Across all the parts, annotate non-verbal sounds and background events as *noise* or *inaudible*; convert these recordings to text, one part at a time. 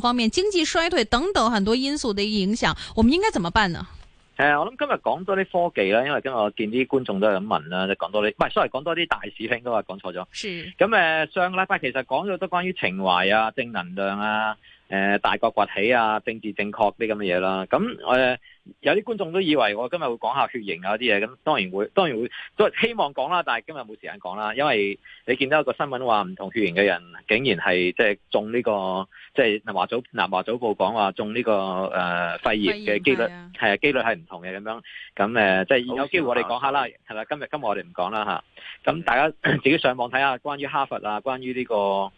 方面、經濟衰退等等很多因素的影響，我們應該怎麼辦呢？誒、呃，我諗今日講多啲科技啦，因為今日我見啲觀眾都有咁問啦，即講多啲，唔係，sorry，講多啲大市先啱啊，講錯咗。咁誒、嗯，上禮拜其實講咗多關於情懷啊、正能量啊。誒、呃，大國崛起啊，政治正確啲咁嘅嘢啦。咁誒，有啲觀眾都以為我今日會講下血型啊啲嘢，咁當然會，當然會都希望講啦。但係今日冇時間講啦，因為你見到一個新聞話唔同血型嘅人竟然係即係中呢、呢個，即、即、係、係、南華早南華早報講話中呢、呢個誒、呃、肺炎嘅幾率係啊，啊，幾率係唔同嘅咁樣。咁誒，即、呃、係、即係、有機會我哋講下啦，係、啊啊、啦。今日今日我哋唔講啦吓。咁大家自己上網睇下關於哈佛啊，關於呢、呢個。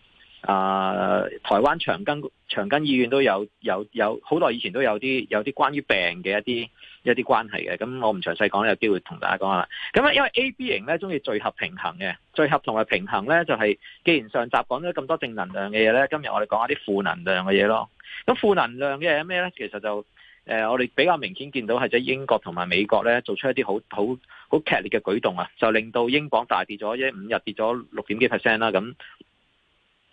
啊、呃！台灣長庚長庚醫院都有有有好耐以前都有啲有啲關於病嘅一啲一啲關係嘅，咁我唔詳細講，有機會同大家講下啦。咁啊，因為 A B 型咧中意聚合平衡嘅，聚合同埋平衡咧就係、是，既然上集講咗咁多正能量嘅嘢咧，今日我哋講下啲負能量嘅嘢咯。咁負能量嘅係咩咧？其實就誒、呃，我哋比較明顯見到係喺英國同埋美國咧做出一啲好好好劇烈嘅舉動啊，就令到英鎊大跌咗一五日跌咗六點幾 percent 啦，咁、啊。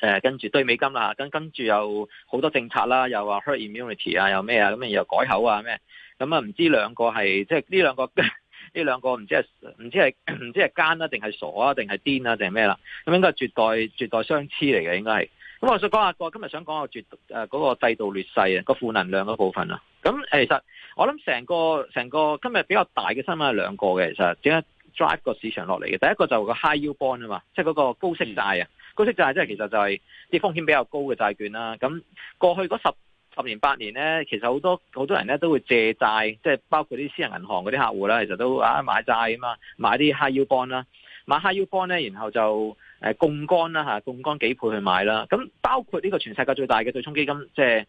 誒，跟住兌美金啦，跟跟住又好多政策啦，又話 herd immunity 啊，又咩啊，咁又改口啊咩，咁啊唔知兩個係即係呢兩個呢兩個唔知係唔知係唔知係奸啊，定係傻啊，定係癲啊，定係咩啦？咁應該係絕代絕代相痴嚟嘅，應該係。咁、嗯、我說說想講下個今日想講個絕誒嗰、呃那個制度劣勢啊，那個負能量嘅部分啊。咁其實我諗成個成個，個今日比較大嘅新聞係兩個嘅，其實點解 drive 個市場落嚟嘅？第一個就個 high yield bond 啊嘛，即係嗰個高息債啊。高息債即係其實就係啲風險比較高嘅債券啦。咁過去嗰十十年八年咧，其實好多好多人咧都會借債，即係包括啲私人銀行嗰啲客戶啦，其實都啊買債啊嘛，買啲 high yield bond 啦，買 high yield bond 呢，然後就槓桿啦嚇，槓桿幾倍去買啦。咁包括呢個全世界最大嘅對沖基金，即係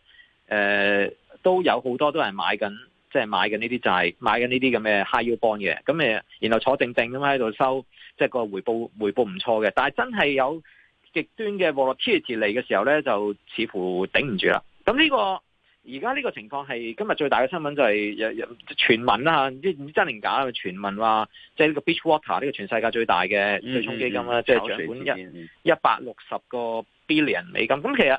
誒都有好多都係買緊，即係買緊呢啲債，買緊呢啲咁嘅 high yield bond 嘅。咁誒，然後坐定定咁喺度收，即係個回報回報唔錯嘅。但係真係有，極端嘅 volatility 嚟嘅時候咧，就似乎頂唔住啦。咁呢、這個而家呢個情況係今日最大嘅新聞就係、是、有有傳聞啦嚇，唔知、啊、真定假嘅傳聞話，即係呢個 Beach Water 呢個全世界最大嘅、嗯、對沖基金咧，即係掌管一一百六十個 billion 美金。咁、嗯、其實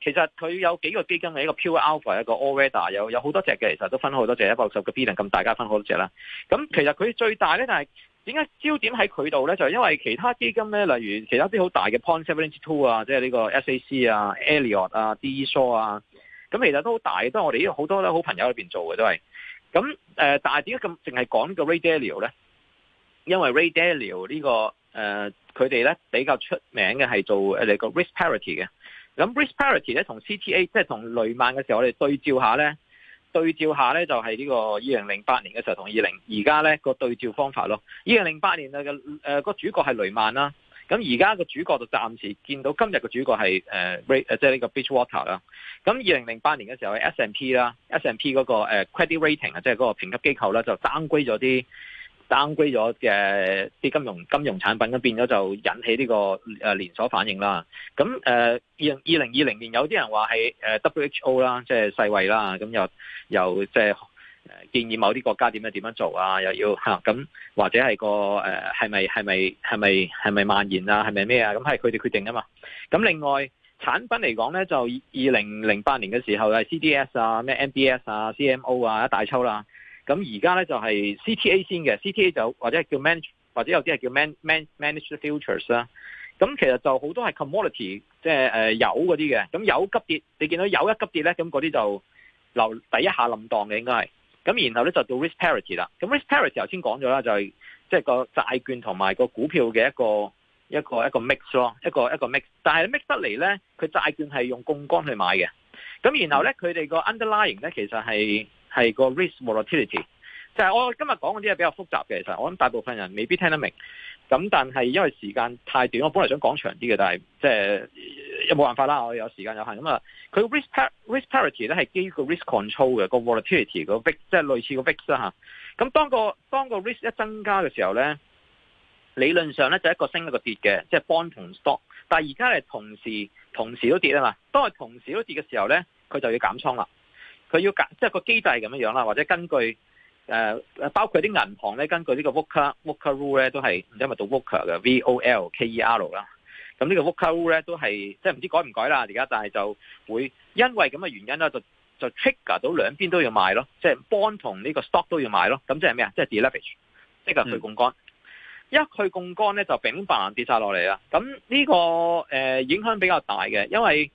其實佢有幾個基金嘅一個 pure alpha，一個 all weather 有有好多隻嘅，其實都分好多隻，一百六十個 billion 咁大，家分好多隻啦。咁其實佢最大咧，但係。點解焦點喺佢度咧？就係、是、因為其他基金咧，例如其他啲好大嘅 Point 72啊，即係呢個 SAC 啊、Elliott 啊、D. E. Shaw 啊，咁其實都好大都都我哋呢好多咧好朋友裏邊做嘅都係。咁誒、呃，但係點解咁淨係講個 Ray Dalio 咧？因為 Ray Dalio、這個呃、呢個誒，佢哋咧比較出名嘅係做誒、啊這個 risk parity 嘅。咁 risk parity 咧同 CTA 即係同雷曼嘅時候，我哋對照一下咧。對照下咧，就係、是、呢個二零零八年嘅時候同二零而家咧個對照方法咯。二零零八年嘅誒、呃嗰個主角係雷曼啦，咁而家個主角就暫時見到今日嘅主角係誒 Ray 即係呢個 Bridgewater 啦。咁二零零八年嘅時候係 S&P 啦，S&P 嗰個 credit rating 啊，即係嗰個評級機構啦，就 downgrade 咗啲。downgrade 咗嘅啲金融金融產品，咁變咗就引起呢個誒連鎖反應啦。咁誒二零二零二零年有啲人話係誒 WHO 啦，即係世衞啦，咁又又即係建議某啲國家點樣點樣做啊，又要吓咁、啊、或者係個誒係咪係咪係咪係咪蔓延啊？係咪咩啊？咁係佢哋決定啊嘛。咁另外產品嚟講咧，就二零零八年嘅時候係 CDS 啊、咩 MBS 啊、CMO 啊一大抽啦。咁而家咧就係、是、CTA 先嘅，CTA 就或者叫 manage，或者有啲係叫 man man managed futures 啦。咁其實就好多係 commodity，即、就、係、是呃、油嗰啲嘅。咁油急跌，你見到油一急跌咧，咁嗰啲就留第一下冧檔嘅應該係。咁然後咧就到 risk parity 啦。咁 risk parity 頭先講咗啦，就係即係個債券同埋個股票嘅一個一個一個 mix 咯，一個一個 mix。但係 mix 得嚟咧，佢債券係用槓桿去買嘅。咁然後咧，佢哋個 underlying 咧其實係。係個 risk volatility，就係我今日講嗰啲嘢比較複雜嘅，其實我諗大部分人未必聽得明。咁但係因為時間太短，我本嚟想講長啲嘅，但係即係有冇辦法啦？我有時間有限。咁、嗯、啊，佢 risk parity 咧係基於個 risk control 嘅、個 volatility 個 VIX 即係類似個 VIX 啦、啊、咁當個當個 risk 一增加嘅時候咧，理論上咧就一個升一個跌嘅，即、就、係、是、bond 同 stock。但係而家係同時同時都跌啊嘛。當係同時都跌嘅時候咧，佢就要減倉啦。佢要隔，即係個機制咁樣啦，或者根據誒、呃、包括啲銀行咧，根據呢個 Volcker Volcker rule 咧都係唔知係咪讀 Volcker 嘅 V O L K E R 啦。咁呢個 Volcker rule 咧都係即係唔知改唔改啦，而家但係就會因為咁嘅原因咧，就就 trigger 到兩邊都要買咯，即係 bond 同呢個 stock 都要買咯。咁即係咩啊？即、就、係、是、deleverage，即係去槓桿、嗯。一去槓桿咧就丙白跌晒落嚟啦。咁呢、這個、呃、影響比較大嘅，因為。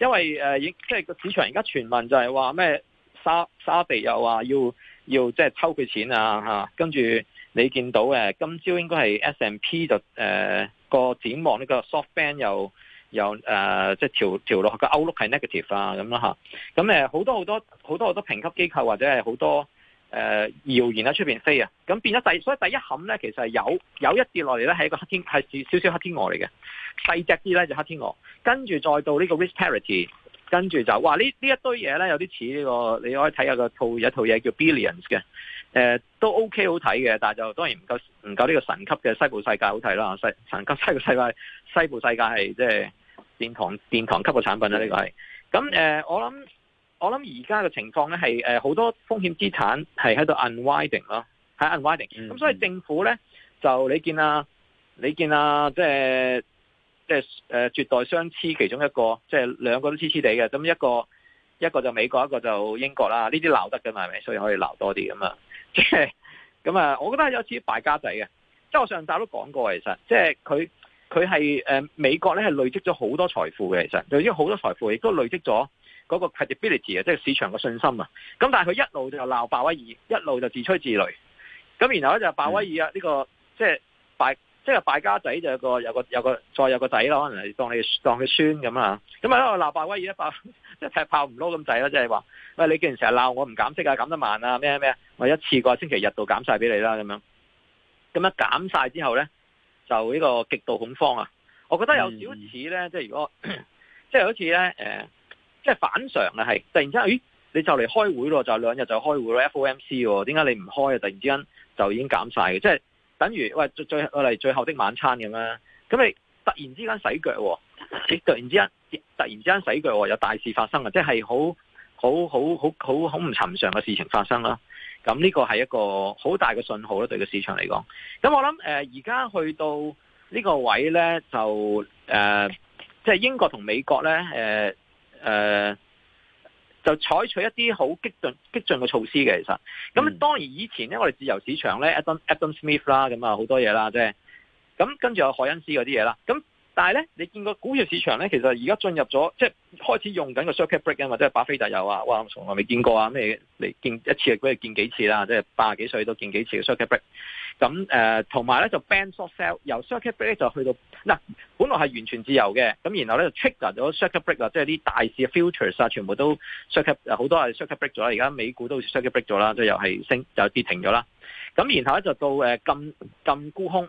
因為誒、呃，即係個市場而家傳聞就係話咩沙沙地又話要要即係抽佢錢啊，跟住、啊、你見到誒今朝應該係 S&P 就誒、呃、個展望呢個 soft band 又又誒、呃、即係調調落個 outlook 係 negative 啊咁咯，咁好多好多好多好多評級機構或者係好多。誒謠言喺出面飛啊！咁變咗第，所以第一冚咧其實係有有一跌落嚟咧，係一個黑天係少少黑天鵝嚟嘅，細隻啲咧就黑天鵝。跟住再到呢個 risk parity，跟住就哇呢呢一堆嘢咧有啲似呢個，你可以睇下個套有一套嘢叫 billions 嘅，誒、呃、都 OK 好睇嘅，但就當然唔夠唔夠呢個神級嘅西部世界好睇啦。神級西部世界，西部世界係即係殿堂殿堂級嘅產品啦。呢個係咁誒，我諗。我諗而家嘅情況咧係誒好多風險資產係喺度 unwinding 咯，喺 unwinding，咁、嗯、所以政府咧就你見啊，你見啊，即係即係誒絕代相痴其中一個，即係兩個都黐黐地嘅，咁一個一個就美國，一個就英國啦，呢啲鬧得嘅嘛係咪？所以可以鬧多啲咁啊，即係咁啊，我覺得有似敗家仔嘅，即係我上集都講過，其實即係佢佢係誒美國咧係累積咗好多財富嘅，其實就已經好多財富亦都累積咗。嗰、那個 credibility 啊，即係市場個信心啊，咁但係佢一路就鬧鮑威爾，一路就自吹自擂，咁然後咧就鮑威爾啊，呢、嗯這個即係敗，即係敗家仔，就有個有個有個再有個仔咯，可能係當你當佢孫咁啊，咁啊啦鬧鮑威爾一爆，即係劈炮唔撈咁滯啦，即係話喂，你既然成日鬧我唔減息啊，減得慢啊，咩咩啊，我一次過星期日度減晒俾你啦咁樣，咁一減晒之後咧，就呢個極度恐慌啊，我覺得有少似咧，即係如果咳咳即係好似咧，誒、呃。即係反常咧，係突然之間，咦？你就嚟開會咯，就兩日就開會咯，FOMC 喎，點解你唔開啊？突然之間就已經減晒嘅，即係等於喂最最嚟最後的晚餐咁樣。咁你突然之間洗腳，你、欸、突然之間突然之間洗腳，有大事發生啊！即係好好好好好好好唔尋常嘅事情發生啦。咁呢個係一個好大嘅信號喇，對個市場嚟講。咁我諗而家去到呢個位呢，就誒，即、呃、係、就是、英國同美國呢。呃誒、呃、就採取一啲好激進激進嘅措施嘅，其實咁、嗯、當然以前咧，我哋自由市場咧，Adam Adam Smith 啦，咁啊好多嘢啦即係，咁跟住有海恩斯嗰啲嘢啦。咁、就是、但係咧，你見個股票市場咧，其實而家進入咗，即、就、係、是、開始用緊個 circuit break 吖嘛？即、就、或、是、巴菲特有啊，哇！從來未見過啊，咩嚟見一次，不如見幾次啦，即係八十幾歲都見幾次嘅 circuit break。咁誒，同埋咧就 ban short sell，由 circuit break 就去到嗱、啊，本來係完全自由嘅，咁然後咧就 trigger 咗 circuit break 啊，即係啲大市 futures 啊，全部都 circuit 好多係 circuit break 咗啦，而家美股都 circuit break 咗啦，就又係升就跌停咗啦。咁然後咧就到誒、呃、禁禁沽空，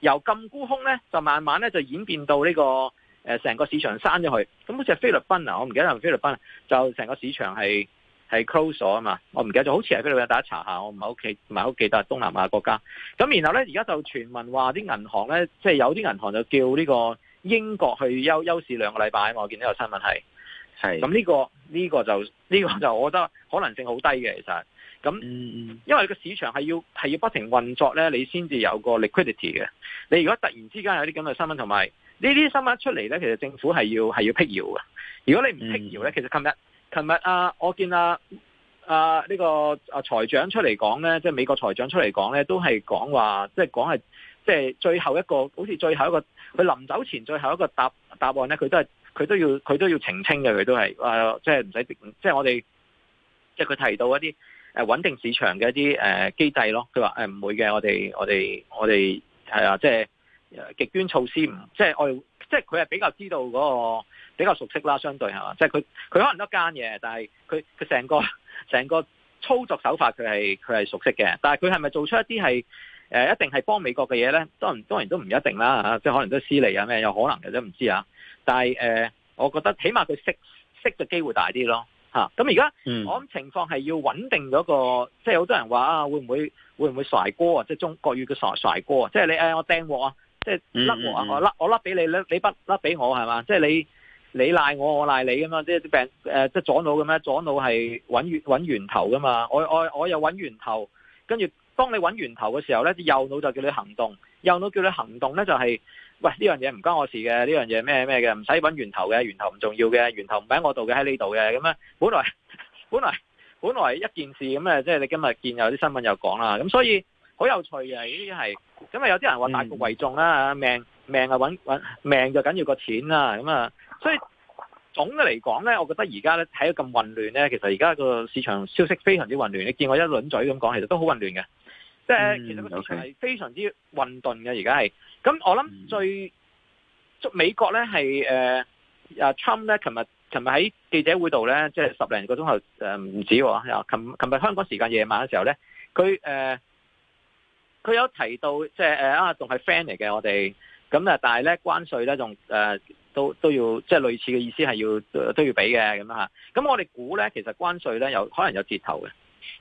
由禁沽空咧就慢慢咧就演變到呢、這個成、呃、個市場閂咗去。咁好似係菲律賓啊，我唔記得係菲律賓啊，就成個市場係。係 close 咗啊嘛，我唔記得咗，好似係嗰度啊，大家查下。我唔係屋企，唔係屋企，但係東南亞國家。咁然後咧，而家就傳聞話啲銀行咧，即係有啲銀行就叫呢個英國去休休市兩個禮拜。我見呢個新聞係，咁呢個呢個就呢個就，我覺得可能性好低嘅其實。咁因為個市場係要係要不停運作咧，你先至有個 liquidity 嘅。你如果突然之間有啲咁嘅新聞，同埋呢啲新聞出嚟咧，其實政府係要係要辟謠嘅。如果你唔辟謠咧、嗯，其實今日。琴日啊，我見啊、啊呢個啊財長出嚟講咧，即係美國財長出嚟講咧，都係講話，即係講係，即係最後一個，好似最後一個，佢臨走前最後一個答答案咧，佢都係佢都要佢都要澄清嘅，佢都係啊，即係唔使即係我哋，即係佢提到一啲誒穩定市場嘅一啲誒機制咯。佢話誒唔會嘅，我哋我哋我哋係啊，即係極端措施唔即係我即係佢係比較知道嗰個。比較熟悉啦，相對係嘛，即係佢佢可能都一間嘢，但係佢佢成個成個操作手法是，佢係佢係熟悉嘅。但係佢係咪做出一啲係誒一定係幫美國嘅嘢咧？當然當然都唔一定啦，吓、啊，即係可能都係私利啊咩，有可能嘅都唔知道啊。但係誒、呃，我覺得起碼佢識識嘅機會大啲咯，吓、啊。咁而家我諗情況係要穩定一、嗰個，即係好多人話啊，會唔會會唔會甩鍋啊？即係中國語嘅甩鍋啊？即係你誒、哎，我掟鑊啊，即係甩啊，我甩我甩俾你，你你不甩俾我係嘛？即係你。你賴我，我賴你咁啊！即係啲病誒，即係左腦咁啊！左腦係揾源揾源頭噶嘛。我我我又揾源頭，跟住當你揾源頭嘅時候咧，右腦就叫你行動。右腦叫你行動咧，就係喂呢樣嘢唔關我事嘅，呢樣嘢咩咩嘅，唔使揾源頭嘅，源頭唔重要嘅，源頭唔喺我度嘅，喺呢度嘅咁啊。本來本來本來一件事咁啊，即係你今日見有啲新聞又講啦，咁所以好有趣嘅呢啲係。咁啊，有啲人話大局為重啦，命命啊揾揾命就緊要個錢啦，咁啊。所以總嘅嚟講咧，我覺得而家咧睇到咁混亂咧，其實而家個市場消息非常之混亂。你見我一輪嘴咁講，其實都好混亂嘅。即、嗯、係其實個市場係非常之混濁嘅。而家係咁，okay、那我諗最美國咧係誒啊，Trump 咧，琴、呃、日琴日喺記者會度咧，即係十零個鐘頭誒唔止。啊，琴琴日香港時間夜晚嘅時候咧，佢誒佢有提到，即係誒啊，仲係 friend 嚟嘅我哋。咁、嗯、啊，但係咧關稅咧仲誒都都要，即係類似嘅意思係要都要俾嘅咁。咁我哋估咧，其實關稅咧有可能有折頭嘅，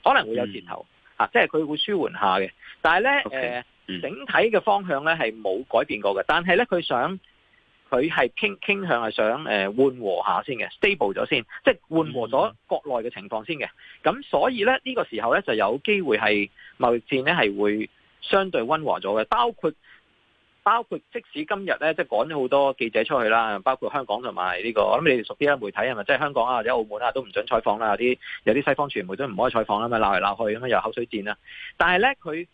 可能會有折頭、嗯啊、即係佢會舒緩下嘅。但係咧、嗯呃、整體嘅方向咧係冇改變過嘅。但係咧佢想佢係傾，傾向係想誒、呃、緩和下先嘅，stable 咗先，即係緩和咗國內嘅情況先嘅。咁、嗯、所以咧呢、呢個時候咧就有機會係貿易戰咧係會相對溫和咗嘅，包括。包括即使今日咧，即係趕咗好多記者出去啦，包括香港同埋呢個，我諗你哋熟啲啦，媒體係咪即係香港啊或者澳門啊都唔准採訪啦？有啲有啲西方傳媒都唔可以採訪啦，咪鬧嚟鬧去咁樣又口水戰啦。但係咧佢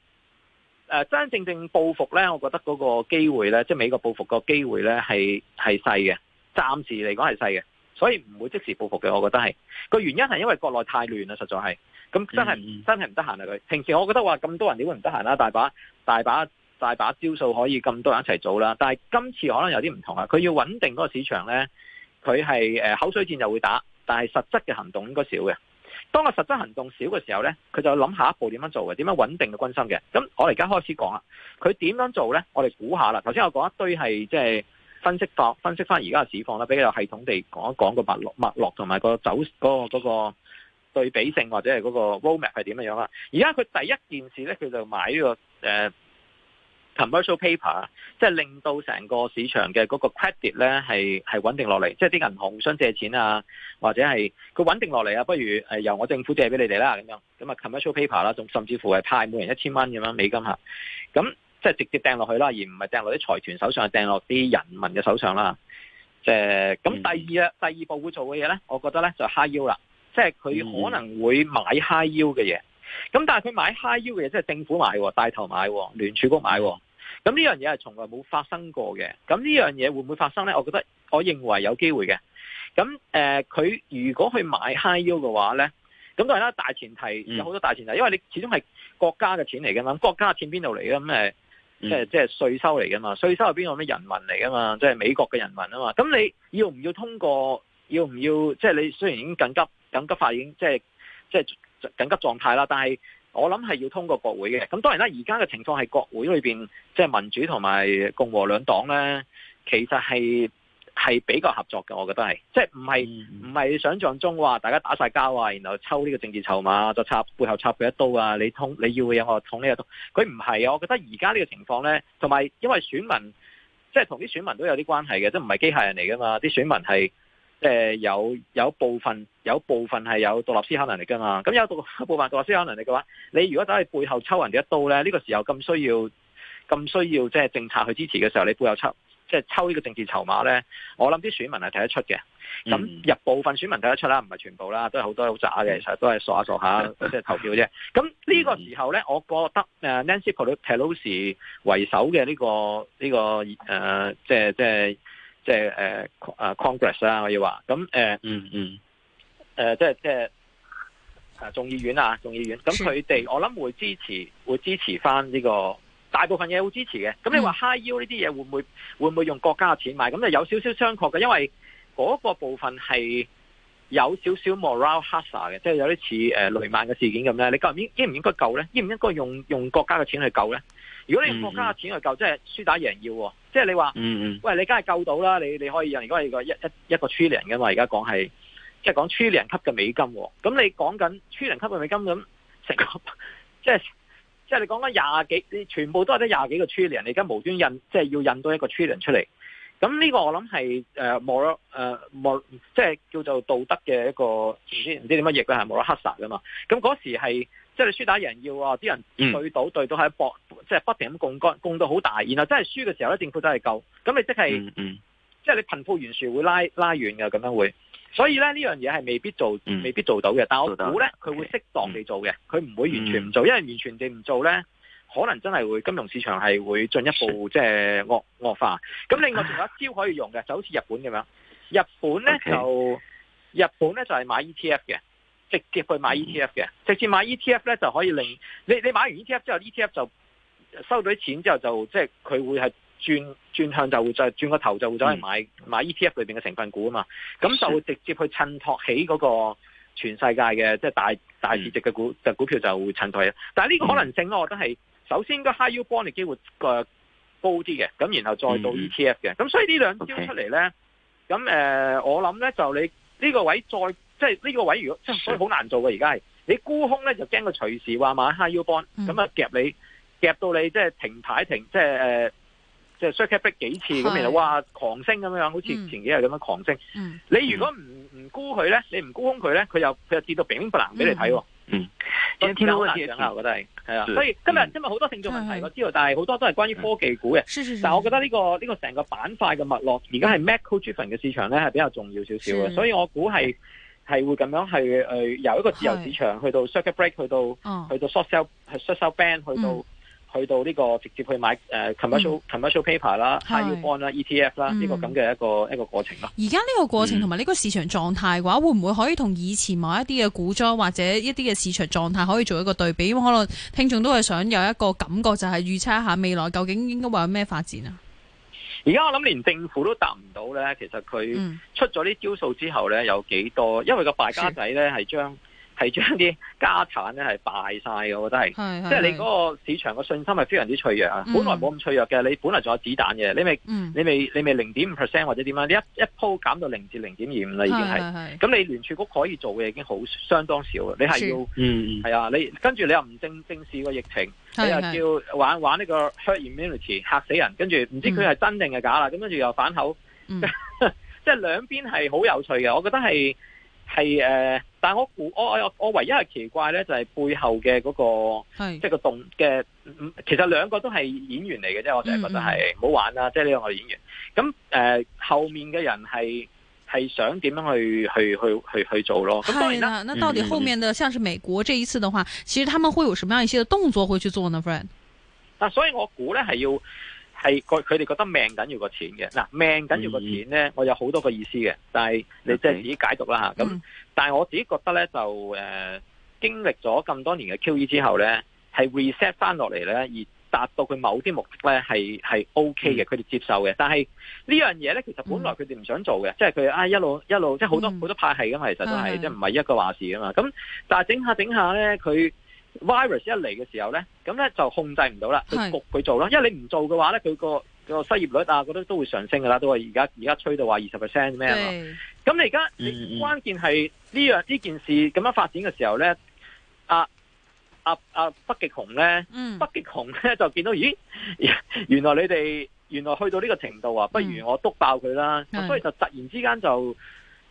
誒真真正正報復咧，我覺得嗰個機會咧，即係美國報復個機會咧，係係細嘅，暫時嚟講係細嘅，所以唔會即時報復嘅。我覺得係個原因係因為國內太亂啦，實在係咁真係、嗯嗯、真係唔得閒啊！佢平時我覺得話咁多人點會唔得閒啊？大把大把。大把招數可以咁多人一齊做啦，但係今次可能有啲唔同啊！佢要穩定嗰個市場呢，佢係誒口水戰就會打，但係實質嘅行動應該少嘅。當個實質行動少嘅時候呢，佢就諗下一步點樣做嘅，點樣穩定個軍心嘅。咁我哋而家開始講啦，佢點樣做呢？我哋估下啦。頭先我講一堆係即係分析法，分析翻而家嘅市況啦，比較系統地講一講個脈絡，脈絡同埋個走嗰、嗰個嗰、嗰個對比性或者係嗰個 roadmap 係點樣樣啦。而家佢第一件事呢，佢就買呢、呢個誒。呃 commercial paper，即係令到成個市場嘅嗰個 credit 咧係係穩定落嚟，即係啲銀行互相借錢啊，或者係佢穩定落嚟啊，不如由我政府借俾你哋啦，咁樣咁啊 commercial paper 啦，仲甚至乎係派每人一千蚊咁樣美金嚇，咁即係直接掟落去啦，而唔係掟落啲財團手上，係掟落啲人民嘅手上啦。誒、呃，咁第二啊、嗯，第二步會做嘅嘢咧，我覺得咧就係、是、high yield 啦，即係佢可能會買 high yield 嘅嘢，咁但係佢買 high yield 嘅嘢即係政府買，帶頭買，聯儲局買。咁呢樣嘢係從來冇發生過嘅，咁呢樣嘢會唔會發生呢？我覺得，我認為有機會嘅。咁誒，佢，呃，如果去買 high yield 嘅話呢，咁當然啦。大前提有好多大前提，因為你始終係國家嘅錢嚟嘅嘛，國家嘅錢邊度嚟嘅？咁誒，即係即係稅收嚟嘅嘛，稅收係邊個咩人民嚟嘅嘛？即係美國嘅人民啊嘛。咁你要唔要通過？要唔要？即係你雖然已經緊急緊急發言，已經即係即係緊急狀態啦，但係。我諗係要通過國會嘅，咁當然啦。而家嘅情況係國會裏邊，即係民主同埋共和兩黨呢，其實係係比較合作嘅。我覺得係，即係唔係唔係想象中話大家打晒交啊，然後抽呢個政治籌碼，再插背後插佢一刀啊。你通你要嘅嘢，我捅呢一刀，佢唔係啊。我覺得而家呢個情況呢，同埋因為選民，即係同啲選民都有啲關係嘅，即係唔係機械人嚟噶嘛，啲選民係。即、呃、係有有部分有部分係有獨立思考能力㗎嘛，咁有獨部分獨立思考能力嘅話，你如果走去背後抽人哋一刀咧，呢、呢個時候咁需要咁需要即係政策去支持嘅時候，你背後抽即係、即係、抽呢個政治籌碼咧，我諗啲選民係睇得出嘅。咁、嗯、入部分選民睇得出啦，唔係全部啦，都係好多好渣嘅，其實都係傻下傻下即係投票啫。咁呢個時候咧，我覺得誒 Nancy Pelosi 為首嘅呢、呢個呢、呢個誒、呃、即係即係。即係誒，Congress 啦，我要話咁誒，嗯嗯，誒，即係即係誒，眾議院啊，眾議院，咁佢哋我諗會支持，會支持翻，呢個大部分嘢會支持嘅。咁你話 High 腰呢啲嘢會唔會會唔會用國家嘅錢買？咁就有少少商榷嘅，因為嗰個部分係有少少 moral hazard 嘅，即係有啲似誒雷曼嘅事件咁咧。你究竟應唔應該救咧？應唔應該用用國家嘅錢去救咧？如果你用國家嘅錢去救，mm -hmm. 即係輸打贏要啊。即係你話、嗯嗯，喂，你梗係救到啦，你你可以印，如果係個一一一個 trillion 嘅嘛，而家講係，即係講 trillion 級嘅美,、哦、美金。咁你講緊 trillion 級嘅美金，咁成個，即係即係你講緊廿幾，你全部都係得廿幾個 trillion，你而家無端印，即係要印到一個 trillion 出嚟。咁呢個我諗係誒摩誒摩，即係叫做道德嘅一個唔知點乜嘢佢係冇咗黑薩㗎嘛。咁嗰時係。即、就、係、是、你輸打贏人要啊！啲人對賭、嗯、對賭喺搏，即、就、係、是、不停咁槓桿供到好大。然後真係輸嘅時候咧，政府真係救。咁你即、就、係、是，即、嗯、係、嗯就是、你貧富懸殊會拉拉遠嘅咁樣會。所以咧呢樣嘢係未必做，未必做到嘅、嗯。但我估咧，佢會適當地做嘅。佢、嗯、唔會完全唔做，因為完全地唔做咧，可能真係會金融市場係會進一步即係、就是、惡，惡化。咁另外仲有一招可以用嘅，就好似日本咁樣。日本咧就、嗯、日本咧、okay. 就係、是、買 ETF 嘅。直接去買 ETF 嘅，直接買 ETF 咧就可以令你你買完 ETF 之後，ETF 就收到啲錢之後就即係佢會係轉轉向就會再轉個頭就會再買、嗯、買 ETF 裏面嘅成分股啊嘛，咁、嗯、就會直接去襯托起嗰個全世界嘅即係大大市值嘅股股票、嗯、就會襯托起。但呢個可能性咧，我覺得係、嗯、首先應該 high yield bond 機會高啲嘅，咁然後再到 ETF 嘅，咁、嗯嗯、所以呢兩招出嚟咧，咁、okay. 誒、呃、我諗咧就你呢個位再。即係呢個位，如果所以好難做嘅。而家係你沽空咧，就驚佢隨時話買 high yield bond 咁啊夾你夾到你即係停牌停，即係誒，即係 circuit break 逼幾次咁樣，哇！狂升咁樣，好似前幾日咁樣狂升。你如果唔唔沽佢咧，你唔沽空佢咧，佢又佢又跌到炳不爛俾你睇。嗯，天光跌上去，我覺得係係啊。所以今日今日好多聽眾問題，我知道，但係好多都係關於科技股嘅。但係我覺得呢個呢個成個板塊嘅脈絡，而家係 macro driven 嘅市場咧係比較重要少少嘅。所以我估係。係會咁樣係、呃、由一個自由市場去到 circuit break，去到、哦、去到 short sell，short sell ban，去到去到呢個直接去買、呃、commercial、嗯、commercial paper 啦、嗯、high yield bond 啦、ETF 啦、嗯、呢、這個咁嘅一個一個過程。而家呢個過程同埋呢個市場狀態嘅話，嗯、會唔會可以同以前某一啲嘅古裝或者一啲嘅市場狀態可以做一個對比？因為可能聽眾都係想有一個感覺，就係、是、預測一下未來究竟應該會有咩發展啊？嗯而家我諗連政府都達唔到咧，其實佢出咗啲招數之後咧，有幾多？因為個敗家仔咧係將，係將啲家產咧係敗晒，嘅，我覺得係，係係係即係你嗰個市場嘅信心係非常之脆弱啊！嗯、本來冇咁脆弱嘅，你本來仲有子彈嘅，你咪、嗯、你咪你咪零點五 percent 或者點樣？你一一波減到零至零點二五啦，已經係，咁你聯儲局可以做嘅已經好相當少啦。你係要，係、嗯、啊！你跟住你又唔正正視個疫情，你又叫玩玩呢個 herd immunity 嚇死人，跟住唔知佢係真定、嗯、係假啦，咁跟住又反口，嗯、 *laughs* 即係兩邊係好有趣嘅，我覺得係。係誒、呃，但係我估，我我我唯一係奇怪咧，就係背後嘅嗰、那個，即係個動嘅，其實兩個都係演員嚟嘅啫，我就係覺得係唔好玩啦，即係呢兩個演員。咁誒、呃，後面嘅人係係想點樣去去去去去做咯？咁當然啦，那到底後面的嗯嗯像是美國這一次的話，其實他們會有什麼樣一些動作會去做呢，friend？嗱，所以我估咧係要。係佢佢哋覺得命緊要個錢嘅。嗱、啊、命緊要個錢呢，嗯、我有好多個意思嘅，但係你即係自己解讀啦嚇。咁、嗯、但係我自己覺得呢，就誒、呃、經歷咗咁多年嘅 QE 之後呢，係 reset 翻落嚟呢，而達到佢某啲目的呢，係係 OK 嘅，佢、嗯、哋接受嘅。但係呢樣嘢呢，其實本來佢哋唔想做嘅、嗯，即係佢啊一路一路即係好多好、嗯、多派系咁，其實就係、嗯、即係唔係一個話事㗎嘛。咁但係整下整下呢，佢。Virus 一嚟嘅時候咧，咁咧就控制唔到啦，就焗佢做啦。因為你唔做嘅話咧，佢個個失業率啊，嗰啲都會上升噶啦。都係而家而家吹到話二十 percent 咩啊嘛。咁你而家，嗯、關鍵係呢樣呢件事咁樣發展嘅時候咧，啊啊啊！北極熊咧，北極熊咧就見到，咦，原來你哋原來去到呢個程度啊，不如我督爆佢啦。咁所以就突然之間就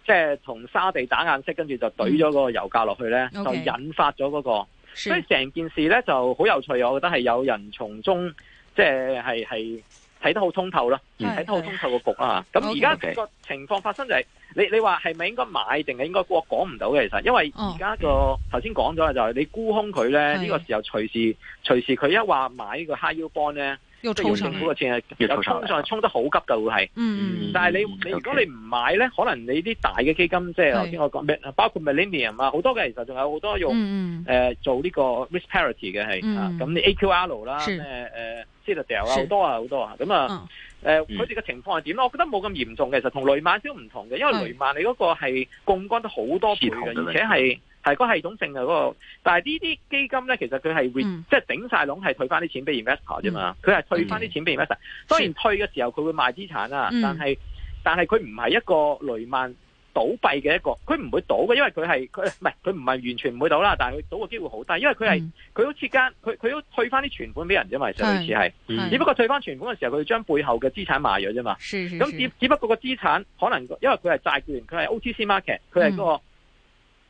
即係同沙地打眼色，跟住就懟咗個油價落去咧，嗯 okay. 就引發咗嗰、那個。所以成件事咧就好有趣，我覺得係有人從中即係係睇得好通透啦，睇、嗯、得好通透個局啊！咁而家個情況發生就係、是、你你話係咪應該買定係應該過講唔到嘅，其實因為而家個頭先講咗就係、是、你沽空佢咧，呢、這個時候隨時隨時佢一話買個 high yield bond 咧。要抽上嗰個錢啊！有抽上，沖得好急就會係。嗯。但係你、okay. 你如果你唔買咧，可能你啲大嘅基金即係我我講咩，包括 Millennium 啊，好多嘅，其實仲有好多用誒、嗯呃、做呢個 risk parity 嘅係咁、嗯、你 AQR 啦咩誒 Citadel 啊，好多啊好多啊。咁啊誒，佢哋嘅情況係點咧？我覺得冇咁嚴重，其實同雷曼都唔同嘅，因為雷曼你嗰個係槓桿得好多倍嘅，而且係。係、嗰個系統性嘅嗰、嗰個，但係呢啲基金咧，其實佢係會、嗯、即係頂晒籠，係退翻啲錢俾 investor 啫嘛。佢、嗯、係退翻啲錢俾 investor、嗯。當然退嘅時候佢會賣資產啊，嗯、但係但係佢唔係一個雷曼倒閉嘅一個，佢唔會倒嘅，因為佢係佢唔係佢唔係完全唔會倒啦。但係佢倒嘅機會好低，因為佢係佢好似間佢佢都退翻啲存款俾人啫嘛，類似係。只不過退翻存款嘅時候，佢會將背後嘅資產賣咗啫嘛。咁只只不過個資產可能因為佢係債券，佢係 OTC market，佢係嗰、嗰個。嗯。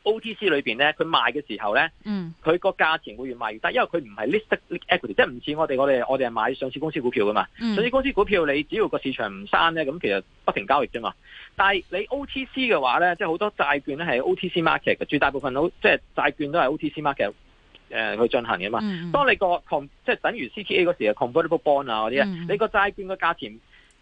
OTC 裏邊咧，佢賣嘅時候咧，佢個價錢會越賣越低，但因為佢唔係 list equity 即係唔似我哋我哋我哋係買上市公司股票噶嘛。嗯、上市公司股票你只要個市場唔山咧，咁其實不停交易啫嘛。但係你 OTC 嘅話咧，即係好多債券咧係 OTC market 嘅，絕大部分都即係債券都係 OTC market 誒去進行嘅嘛、嗯。當你個即係等於 CTA 嗰時嘅 convertible bond 啊嗰啲、嗯、你個債券嘅價錢。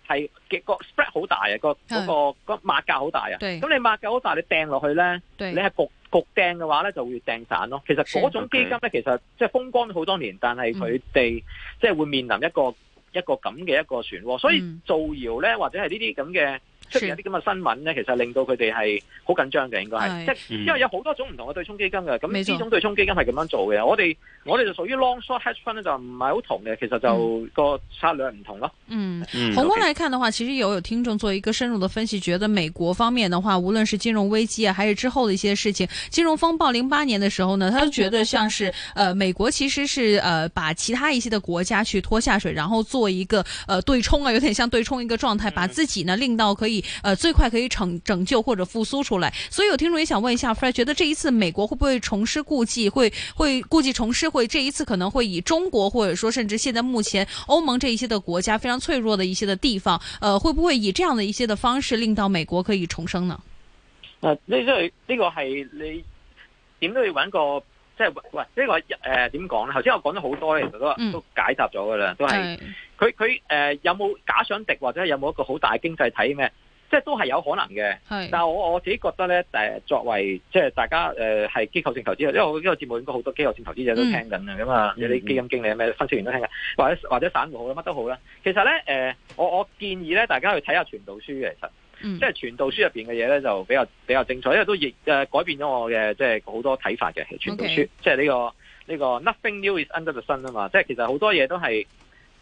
係嘅、嗰個 spread 好大啊，嗰個個、嗰個抹價好大啊，咁你抹價好大，你掟落去咧，你係焗焗掟嘅話咧，就會掟散咯。其實嗰種基金咧、okay，其實即係風光咗好多年，但係佢哋即係會面臨一個、嗯、一個咁嘅一個漩渦，所以造謠咧，或者係呢啲咁嘅。出現一啲咁嘅新聞呢，其實令到佢哋係好緊張嘅，應該係即因為有好多種唔同嘅對沖基金嘅，咁呢種對沖基金係咁樣做嘅。我哋我哋就屬於 long short hedge fund 就唔係好同嘅，其實就個策略唔同咯、嗯。嗯，宏觀來看嘅話，其實有有聽眾做一個深入嘅分析，覺得美國方面嘅話，無論是金融危機啊，還是之後的一些事情，金融風暴零八年嘅時候呢，他都覺得像是，呃，美國其實是，呃，把其他一些嘅國家去拖下水，然後做一個，呃，對沖啊，有點像對沖一個狀態，把自己呢令到可以。呃，最快可以拯拯救或者復甦出來，所以有聽眾也想問一下，Fred，覺得這一次美國會不會重施故技？會會故技重施會，會這一次可能會以中國或者說甚至現在目前歐盟這一些的國家非常脆弱的一些的地方，呃，會不會以這樣的一些的方式令到美國可以重生呢？呃、這、呢個呢、這個係你點都要揾個即係喂、這個呃、呢個誒點講呢，頭先我講咗好多其實都都解答咗噶啦，都係佢佢誒有冇假想敵或者有冇一個好大經濟體咩？即係都係有可能嘅，但係我我自己覺得咧，誒作為即係大家誒係機構性投資者，因為我呢個節目應該好多機構性投資者都聽緊嘅，咁啊有啲基金經理啊咩分析員都聽緊，或者或者散戶好啦，乜都好啦。其實咧誒、呃，我我建議咧，大家去睇下《傳道書》其實，嗯、即係《傳道書》入邊嘅嘢咧就比較比較精彩，因為都亦誒改變咗我嘅即係好多睇法嘅《傳道書》okay. 即是這個，即係呢個呢個 Nothing new is under the sun 啊嘛，即係其實好多嘢都係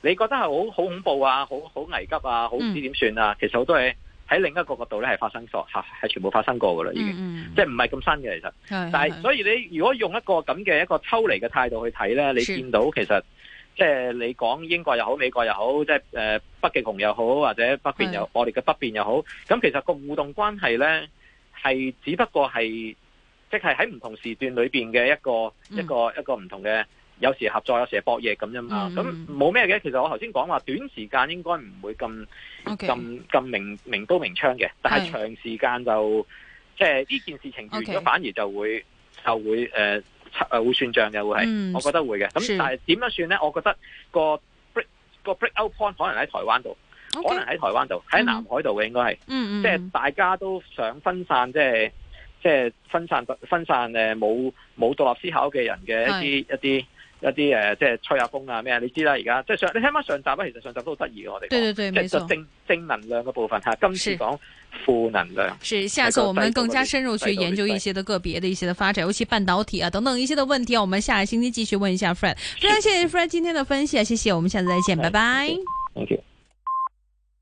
你覺得係好好恐怖啊，好好危急啊，好唔知點算啊、嗯，其實好多嘢。喺另一個角度咧，係發生咗嚇，係全部發生過㗎喇，已經，即係唔係咁新嘅其實，但係所以你如果用一個咁嘅一個抽離嘅態度去睇咧，你見到其實即係你講英國又好，美國又好，即係誒北極熊又好，或者北邊又我哋嘅北邊又好，咁其實個互動關係咧係只不過係即係喺唔同時段裏邊嘅一個一個一個唔同嘅。有時合作，有時搏嘢咁啫嘛。咁冇咩嘅，其實我頭先講話短時間應該唔會咁咁咁明明刀明槍嘅。但係長時間就即係呢件事情完咗，okay. 反而就會就會誒誒、呃、會算賬嘅會係、嗯，我覺得會嘅。咁但係點樣算咧？我覺得個 break breakout point 可能喺台灣度，okay. 可能喺台灣度，喺、嗯、南海度嘅應該係，即、嗯、係、嗯嗯即係、大家都想分散，即係即係分散分散冇冇獨立思考嘅人嘅一啲一啲。一啲誒、呃，即係吹下風啊，咩啊，你知啦。而家即係上，你聽翻上集啦，其實上集都好得意嘅，我哋即係個正正，正能量嘅部分嚇。今次講負能量。是，下次我們更加深入去研究一些的個別的一些的發展，尤其半導體啊等等一些的問題，啊，我們下個星期繼續問一下 Frank 非 *laughs* 常謝謝 Frank 今天的分析，謝謝，我們下次再見，拜 *laughs* 拜。Thank you。